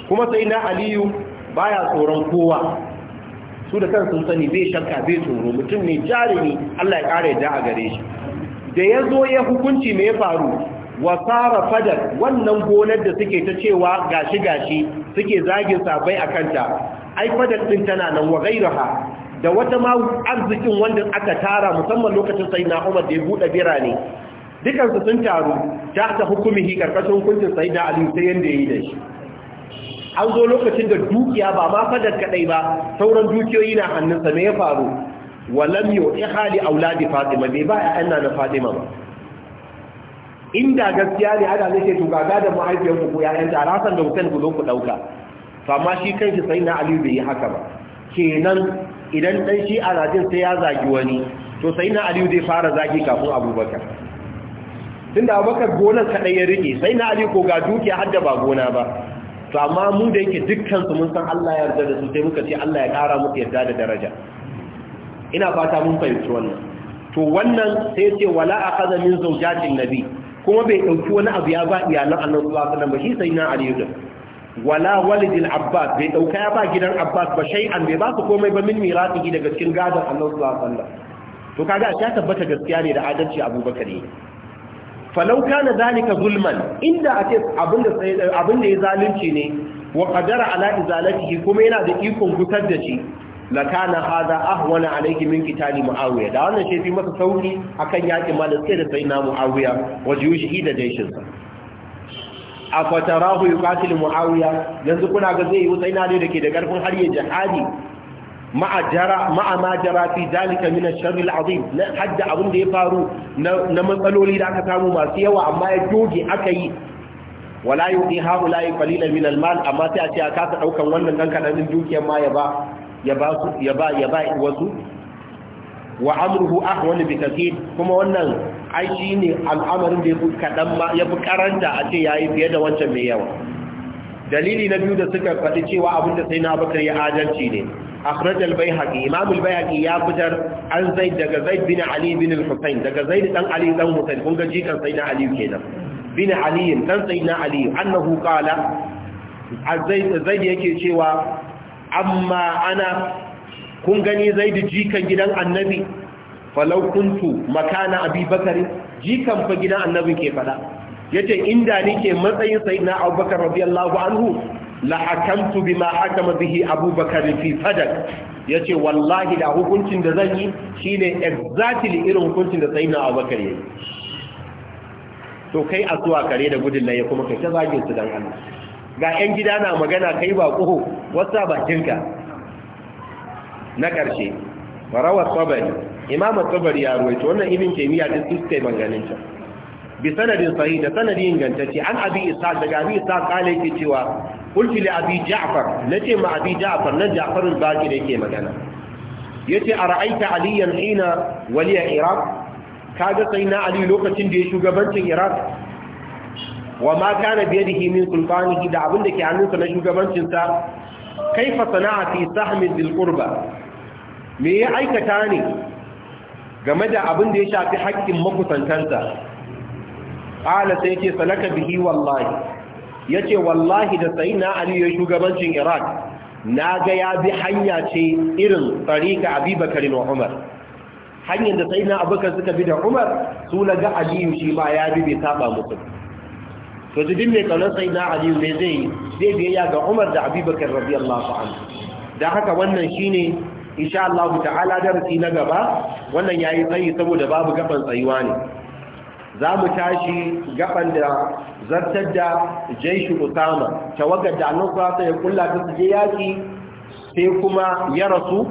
kuma sai na aliyu baya tsoron kowa su da kansu sani bai shakka bai tsoro mutum ne jarumi Allah ya kare da a gare shi da ya zo ya hukunci mai faru wa tsara fadar wannan gonar da suke ta cewa gashi gashi suke zagin sabai a kanta ai fadar din tana nan wa gairaha da wata ma arzikin wanda aka tara musamman lokacin sai na Umar da ya bude birane dukansu sun taru ta ta hukumi karkashin hukuncin sai da Ali sai ya yi da shi an zo lokacin da dukiya ba ma fadar kadai ba sauran dukiyoyi na hannunsa me ya faru walam yu'i hali auladi fatima bai ba ƴaƴan na fatima ba inda gaskiya ne ana nake to gaga da mahaifiyar ku ya ta rasan da Hussein ku zo ku dauka to shi kanshi sai na Ali bai yi haka ba kenan idan dan shi a rajin sai ya zagi wani to sai na Ali zai fara zagi kafin Abubakar tunda Abubakar gonar kadai ya rike sai na Ali ko ga dukiya har da ba gona ba to amma mu da yake dukkan su mun san Allah ya yarda da su sai muka ce Allah ya ƙara musu yarda da daraja ina fata mun fahimci wannan to wannan sai ce wala akhadha min zawjatin nabi kuma bai dauki wani abu ya ba iyalan annabi sallallahu alaihi wasallam ba shi sai na ali ibn wala walidil abbas bai dauka ya ba gidan abbas ba shay'an bai ba su komai ba min miratihi daga cikin gadon annabi sallallahu alaihi wasallam to kaga a ta tabbata gaskiya ne da adalci abubakar ne falau kana zalika zulman inda ake abin da ya zalunci ne wa kadara ala izalatihi kuma yana da ikon gutar da shi la kana hadha ahwana alayhi min qitali muawiya da wannan shi fi masa sauki akan yaki malaka da sayyidina muawiya wa juyushi da jaishin sa afatarahu yuqatil muawiya yanzu kuna ga zai yi sayyidina ne dake da karfin har ya jihadi ma'a jara ma'a ma jara fi zalika min ash azim hadda abin da ya faru na matsaloli da aka samu masu yawa amma ya doge aka yi wala yuqi haula'i qalilan min al-mal amma sai a ce a kasa daukan wannan dan kadanin dukiyar ma ya ba wasu wa amruhu ahwal bi kathir kuma wannan ai shine al'amarin da yafi kadan ma yafi karanta a ce yayi fiye da wancan mai yawa dalili na biyu da suka faɗi cewa abinda sai na bakar ya adalci ne akhraj al-baihaqi imam al-baihaqi ya fitar an zaid daga zaid bin ali bin al daga zaid dan ali dan husayn kun ga jikan sayyidina ali kenan bin ali dan sayyidina ali annahu qala zaid zaid yake cewa amma ana kun gani zaid jikan gidan annabi falau makana abi bakari jikan fa annabi ke fada yace inda nike matsayin sayyidina abubakar radiyallahu anhu la hakamtu bima hakama bihi abubakar fi fadak yace wallahi da hukuncin da zan yi shine exactly irin hukuncin da sayyidina abubakar yayi to kai a zuwa kare da gudun nan ya kuma kai ta zage su dan Allah ga yan gida na magana kai ba kuhu wasa bakinka na karshe farawa tabari imam tabari ya ruwaito wannan ibn taymiya din sistai maganin ta bi sanadin sahih da sanadin ingantacce an abi isa daga abi isa kale ke cewa kulti li abi ja'far nace ma abi ja'far nan ja'far al-baqir yake magana yace ara'aita aliyan hina waliya iraq kaga sayna ali lokacin da ya shugabancin iraq wa ma kana bi yadihi min sultanihi da da ke hannunsa na shugabancin sa kaifa sana'a fi sahmi dhil qurba me ya aikata ne game da abin da ya shafi haƙƙin makusantansa ƙala sai ce salaka bihi wallahi ya ce wallahi da sai na aliyu shugabancin iraq na ga ya bi hanya ce irin tsarika abubakar na umar hanyar da sai na abubakar suka bi da umar su na ga aliyu shi ba ya bi bai saba mutum to jidin mai kaunar sai na aliyu ne zai zai biyayya ga umar da abubakar su an da haka wannan shine insha Allah ta'ala darasi na gaba wannan yayi tsayi saboda babu gaban tsayuwa ne za mu tashi gaban da zartar da jaishi usama tawagar da annan ya kulla ta su je yaƙi sai kuma ya rasu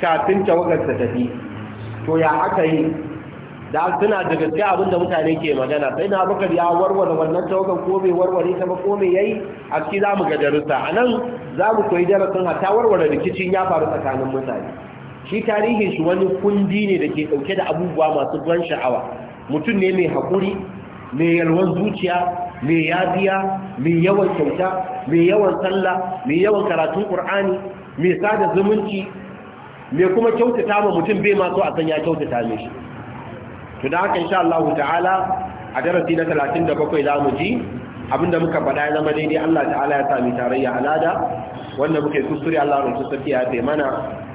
kafin tawagar ta tafi to ya aka yi da suna da gaske abinda mutane ke magana sai na bakar ya warware wannan tawagar ko bai warware ta ba ko mai yayi a ciki za mu ga darussa a nan za mu koyi darasin hata warware rikicin ya faru tsakanin mutane shi tarihin shi wani kundi ne da ke dauke da abubuwa masu ban sha'awa mutum ne mai haƙuri mai yalwar zuciya mai yadiya mai yawan kyauta mai yawan sallah mai yawan karatun ƙur'ani mai sada zumunci mai kuma kyautata ma mutum bai masu a sanya kyautata mai shi to da haka insha Allah ta'ala a darasi na 37 za mu ji abinda muka faɗa ya zama daidai Allah ta'ala ya sami tarayya alada wanda muke kusuri Allah ya rubuta sarki ya taimana